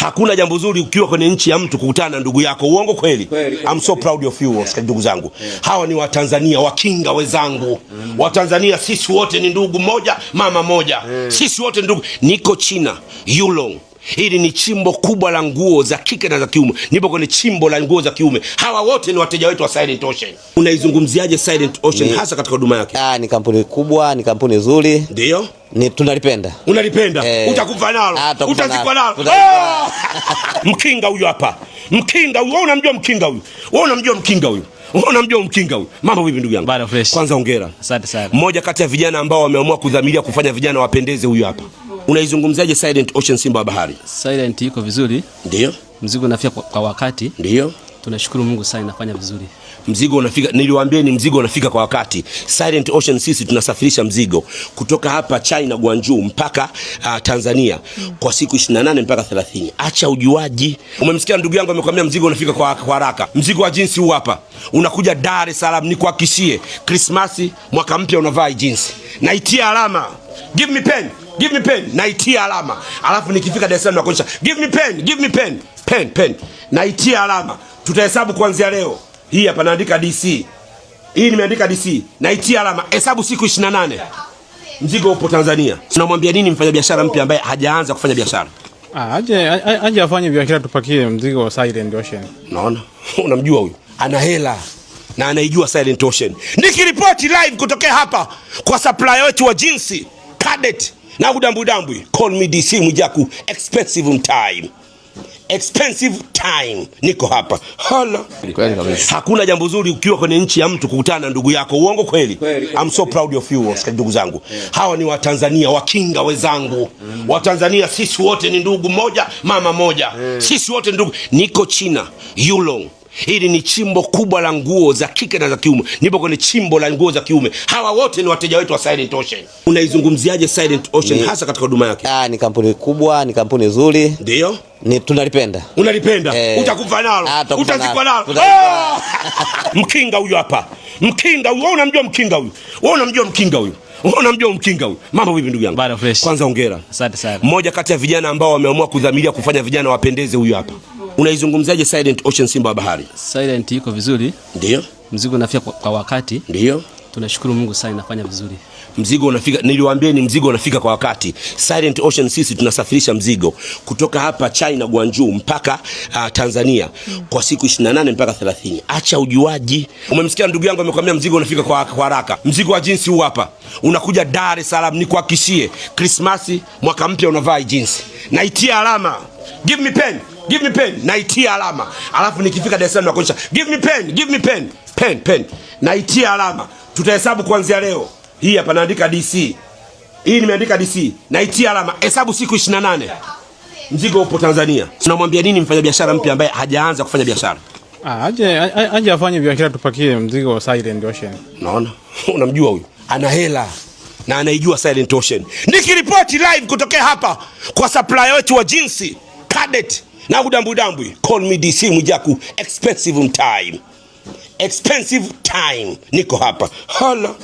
Hakuna jambo zuri ukiwa kwenye nchi ya mtu kukutana na ndugu yako. Uongo kweli? I'm so proud of you Oscar, ndugu zangu hawa ni Watanzania wakinga wenzangu. Mm. Watanzania sisi wote ni ndugu moja, mama moja, sisi wote ndugu. Niko China Yulong, hili ni chimbo kubwa la nguo za kike na za kiume. Nipo kwenye chimbo la nguo za kiume. Hawa wote ni wateja wetu wa Silent Ocean. Unaizungumziaje Silent Ocean hasa katika huduma yake? Ah, ni kampuni kubwa, ni kampuni nzuri, ndio ni tunalipenda. Unalipenda. Eh, utakufa nalo. Ah, Utazikwa nalo. Ah! Mkinga huyu hapa. Mkinga huyu. Wewe unamjua mkinga huyu. Wewe unamjua mkinga huyu. Wewe unamjua mkinga huyu. Mama vipi ndugu yangu? Bado fresh. Kwanza hongera. Asante sana. Mmoja kati ya vijana ambao wameamua kudhamiria kufanya vijana wapendeze huyu hapa. Unaizungumzaje Silent Ocean Simba wa Bahari? Silent iko vizuri. Ndio. Mzigo unafika kwa wakati. Ndio. Tunashukuru Mungu sana inafanya vizuri. Mzigo unafika, niliwaambia ni mzigo unafika kwa wakati. Silent Ocean sisi tunasafirisha mzigo kutoka hapa China Guangzhou mpaka uh, Tanzania mm. kwa siku 28 mpaka 30. Acha ujuaji. Umemsikia ndugu yangu amekwambia mzigo unafika kwa, haraka. Mzigo wa jinsi huu hapa. Unakuja Dar es Salaam nikuhakishie. Krismasi mwaka mpya unavaa jinsi. Naitia alama. Give me pen. Give me pen. Naitia alama. Alafu nikifika Dar es Salaam nakuonyesha. Give me pen. Give me pen. Pen, pen. Naitia alama. Tutahesabu kuanzia leo. Hii hapa naandika DC. Hii nimeandika DC. Naitia alama. Hesabu siku 28. Mzigo upo Tanzania. Tunamwambia nini mfanya biashara mpya ambaye hajaanza kufanya biashara? Ah, aje aje afanye biashara tupakie mzigo wa Silent Ocean. Unaona? Unamjua huyu. Ana hela na anaijua Silent Ocean. Nikiripoti live kutokea hapa kwa supplier wetu wa jinsi kadet na kudambwidambwi call me DC Mwijaku, expensive time expensive time, niko hapa. Hala, hakuna jambo zuri ukiwa kwenye nchi ya mtu kukutana na ndugu yako. Uongo kweli? I'm so proud of you yeah. ndugu zangu hawa ni Watanzania wakinga wenzangu. Mm. Watanzania sisi wote ni ndugu moja, mama moja, sisi wote ndugu. Niko China Yulong Hili ni chimbo kubwa la nguo za kike na za kiume. Nipo kwenye chimbo la nguo za kiume. Hawa wote ni wateja wetu wa Silent Ocean. Unaizungumziaje Silent Ocean ni, hasa katika huduma yake? Ah, ni kampuni kubwa, ni kampuni nzuri. Ndio. Ni tunalipenda. Unalipenda? Eh, utakufa nalo. Ah, Utazikwa nalo. Oh! Mkinga huyu hapa. Mkinga huyu. Wewe unamjua Mkinga huyu? Wewe unamjua Mkinga huyu? Unamjua Mkinga huyu? Mambo vipi ndugu yangu? Bado fresh. Kwanza hongera. Asante sana. Mmoja kati ya vijana ambao wameamua kudhamiria kufanya vijana wapendeze huyu hapa. Unaizungumzaje Silent Ocean Simba wa Bahari? Silent iko vizuri. Ndio. Mzigo unafika kwa, kwa wakati. Ndio. Tunashukuru Mungu sana inafanya vizuri. Mzigo unafika, niliwaambia ni mzigo unafika kwa wakati. Silent Ocean sisi tunasafirisha mzigo kutoka hapa China Guangzhou mpaka uh, Tanzania kwa siku 28 mpaka 30. Acha ujuaji. Umemsikia ndugu yangu amekwambia mzigo unafika kwa haraka. Mzigo wa jinsi huu hapa unakuja Dar es Salaam, nikuhakishie Krismasi, mwaka mpya unavaa jinsi. Naitia alama give me pen, give me pen, naitia alama, alafu nikifika Dar es Salaam nakuonyesha, give me pen, give me pen, pen, pen, naitia alama. Tutahesabu kuanzia leo hii. Hapa naandika DC, hii nimeandika DC, naitia alama, hesabu siku 28 mzigo upo Tanzania. Tunamwambia nini mfanya biashara mpya ambaye hajaanza kufanya biashara? Ah, aje aje afanye biashara, tupakie mzigo wa Silent Ocean. Unaona, unamjua huyu ana hela na anaijua Silent Ocean. Nikiripoti live kutokea hapa kwa supplier wetu wa jinsi kadet na kudambwidambwi call me DC Mwijaku, expensive time, expensive time. Niko hapa hala